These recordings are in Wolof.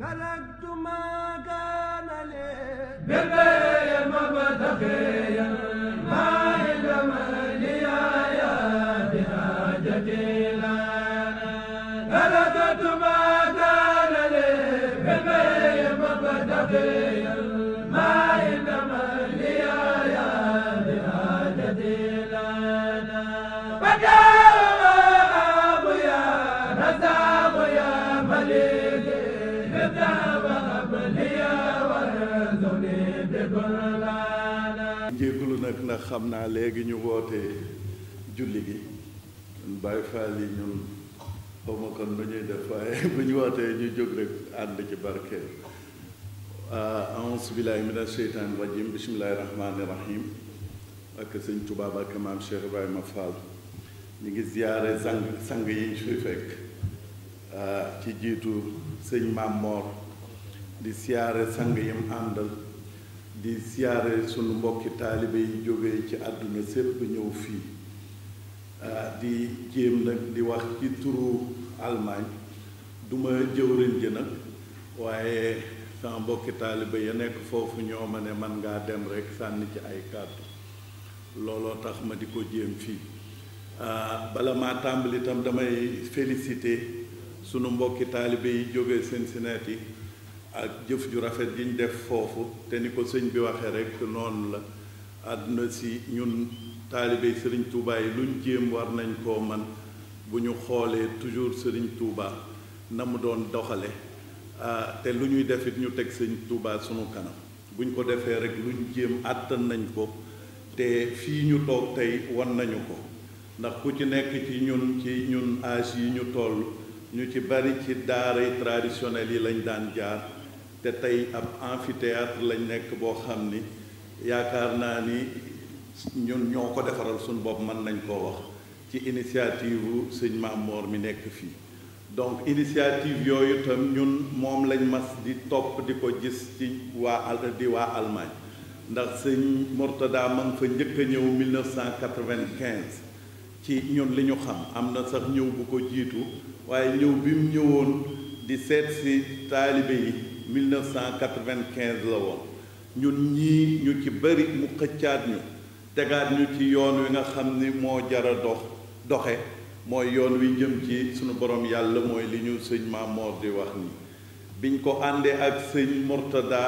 تركت ما كان لي بغير مبتغيا ما علم لي يا بحاجتي لنا تركت ما كان لي بغير مبتغيا ما علم لي يا بحاجتي لنا فجاء أبويا رزاق يا مليك jégalu nag ndax xam naa léegi ñu woote julli gi ñun Baay Faal yi ñun xawma kon ñuy def waaye bu wootee ñu jóg rek ànd ci barkeel aùzu ah, billaahi mina sheytaani rajiim bismillaahi rahmaani rahiim ak sëñ Tuubaa ak maam Cheikh Ibrahima Fall ñu ngi ziyaare sang sang yi ñu fi fekk Euh, ci jiitu sëñ Maam Moor di siyaare sang yim àndal di siyaare sunu mbokki taalibe yi jóge ci àdduna sépp ñëw fii euh, di jéem nag di wax ci turu Allemagne duma jëwriñ ji nag waaye sama mbokki taalibe ya nekk foofu ñoo ma ne man ngaa dem rek sànni ci ay kàddu looloo tax ma di ko jéem fii euh, bala maa tàmbali itam damay féliciter sunu mbokki taalibe yi jóge Cincinnati ak jëf ju rafet ji ñu def foofu te ni ko sëñ bi waxe rek noonu la àdduna si ñun taalibe sëriñ Touba yi luñ jéem war nañ koo man bu ñu xoolee toujours sëriñ tuubaa na mu doon doxale te lu ñuy def it ñu teg sëñ tuubaa sunu kanam bu ñu ko defee rek luñ jéem àttan nañ ko te fii ñu toog tey wan nañu ko ndax ku ci nekk ci ñun ci ñun âge yi ñu toll ñu ci bari ci daara yi traditionnel yi lañ daan jaar te tey ab amphithéâtre lañ nekk boo xam ni yaakaar naa ni ñun ñoo ko defaral suñu bopp mën nañ koo wax ci initiative sëñ moor mi nekk fii donc initiative yooyu tam ñun moom lañ mas di topp di ko gis ci waa di waa ndax sëñ Mourtada ma fa njëkk a ñëw 1995 ci ñun li ñu xam am na sax ñëw bu ko jiitu waaye ñëw bi mu ñëwoon di seet si taalibe yi 1995 la woon ñun ñii ñu ci bari mu xëccaat ñu tegaat ñu ci yoon wi nga xam ni moo jara dox doxe mooy yoon wi jëm ci sunu borom yàlla mooy li ñu sëñ Maamoor di wax ni biñ ko àndee ak sëñ Murtada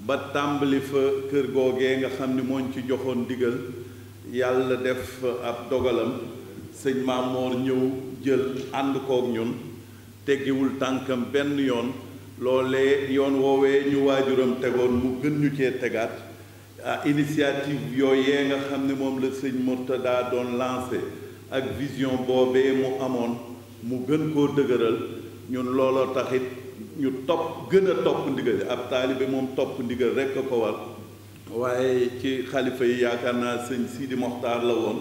ba tàmbali fa kër googee nga xam ni mooñ ci joxoon digal yàlla def ab dogalam sëñ Maamoor ñëw jël ànd kook ñun teggiwul tànkam benn yoon loolee yoon woowee ñu waajuram tegoon mu gën ñu cee tegaat initiative yee nga xam ne moom la sëñ Murtada doon lancé ak vision boobee mu amoon mu gën koo dëgëral ñun looloo taxit ñu topp gën a topp ndigal ab taalibe moom topp ndigal rekk a ko war waaye ci xalifa yi yaakaar naa sëñ Sidi Moxtaar la woon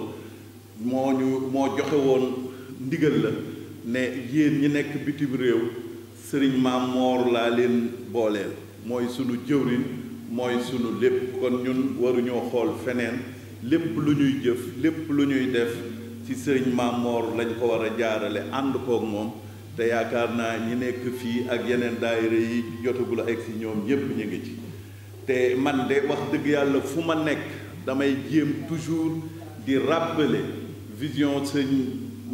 moo ñu moo joxe woon ndigal la ne yéen ñi nekk bitim réew sëriñ Maam Moor laa leen booleel mooy sunu jëwriñ mooy suñu lépp kon ñun waruñoo xool feneen lépp lu ñuy jëf lépp lu ñuy def ci sëriñ Maam Moor lañ ko war a jaarale ànd kook moom te yaakaar naa ñi nekk fii ak yeneen daayira yi jotagul egg si ñoom ñépp ñu ngi ci te man de wax dëgg yàlla fu ma nekk damay jéem toujours di rappeler vision sëñ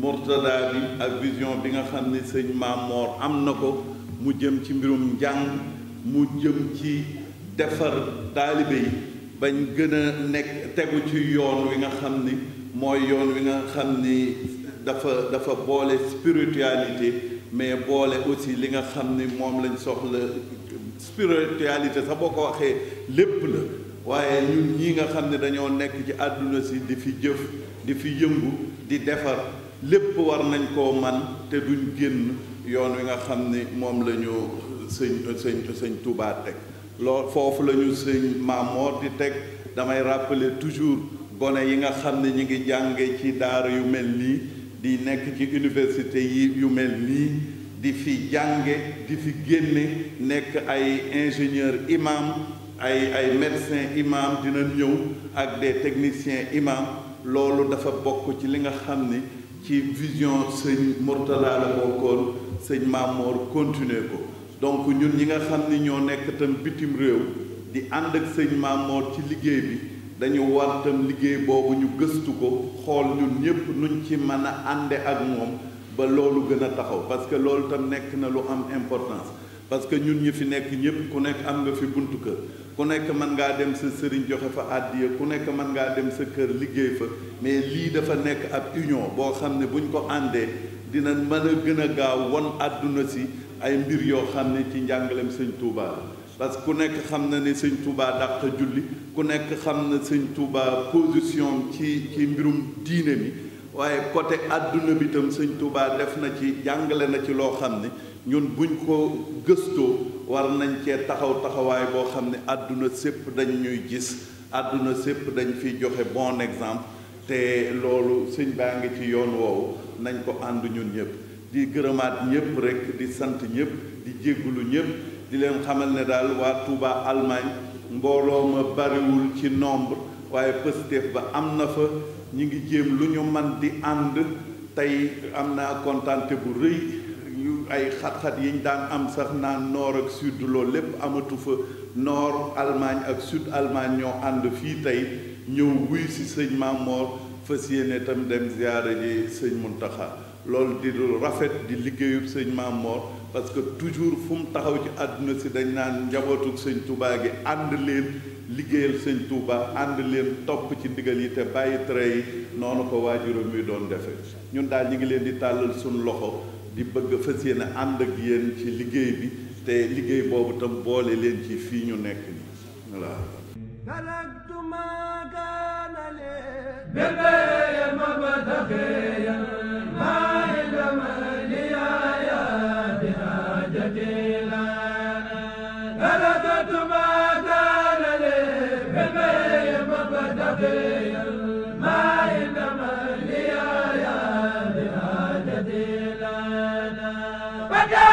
Mourtada bi ak vision bi nga xam ne sëñ Mamor am na ko mu jëm ci mbirum njàng mu jëm ci defar taalibe yi bañ gën a nekk tegu ci yoon wi nga xam ni mooy yoon wi nga xam ni dafa dafa boole spiritualité mais boole aussi li nga xam ni moom lañ soxla spiritualité sax boo ko waxee lépp la waaye ñun ñi nga xam ne dañoo nekk ci àdduna si di fi jëf di fi yëngu di defar lépp war nañ ko man te duñ génn yoon wi nga xam ni moom la ñu sëñ sëñ sëñ Touba teg lool foofu la ñu sëñ Maamoor di teg damay rappeler toujours gone yi nga xam ne ñi ngi jànge ci daara yu mel nii di nekk ci université yi yu mel nii di fi jànge di fi génne nekk ay ingénieur imam ay ay médecin imam dina ñëw ak des techniciens imam loolu dafa bokk ci li nga xam ni ci vision sëñ Mourtala la bokkoon sëñ Mamor continuer ko donc ñun ñi nga xam ni ñoo nekk tam bitim réew di ànd ak sëñ Mamor ci liggéey bi dañu war tam liggéey boobu ñu gëstu ko xool ñun ñépp nuñ ci mën a ànde ak moom ba loolu gën a taxaw parce que loolu tam nekk na lu am importance parce que ñun ñi fi nekk ñëpp ku nekk am nga fi buntu kër ku nekk mën ngaa dem sa sëriñ joxe fa àddiya ku nekk mën ngaa dem sa kër liggéey fa mais lii dafa nekk ab union boo xam ne buñ ko àndee dina mën a gën a gaaw won àdduna si ay mbir yoo xam ne ci njàngaleem sëñ Touba la parce que ku nekk xam na ne sëñ Touba dàq julli ku nekk xam na sëñ Touba position ci ci mbirum diine mi waaye côté àdduna bi tam sëñ Touba def na ci jàngale na ci loo xam ne ñun buñ ko gëstoo war nañ cee taxaw taxawaay boo xam ne àdduna sépp dañ ñuy gis àdduna sépp dañ fiy joxe bon exemple te loolu sëñ baa ngi ci yoon woowu nañ ko ànd ñun ñëpp di gërëmaat ñëpp rek di sant ñëpp di jéggulu ñëpp di leen xamal ne daal waa Touba almaañ mbooloo ma bariwul ci nombre waaye Pastef ba am na fa ñu ngi jéem lu ñu man di ànd tey am naa kontaante bu rëy ay xat-xat yiñ daan am sax naan noor ak sud loolu lépp amatu fa noor Allemagne ak sud Allemagne ñoo ànd fii tey ñëw wuy si sëñ Mamor fas yéene tam dem ziyaara yi sëñ taxa loolu di lu rafet di liggéeyub sëñ Mamor parce que toujours fu mu taxaw ci àdduna si dañ naan njabootug sëñ Tuubaa gi ànd leen liggéeyal sëñ Touba ànd leen topp ci ndigal yi te bàyyi tere yi noonu ko waajuram muy doon defe ñun daal ñu ngi leen di tàllal suñu loxo di bëgg fas yéene ànd ak yéen ci liggéey bi te liggéey boobu tam boole leen ci fii ñu nekk nii voilà. Raja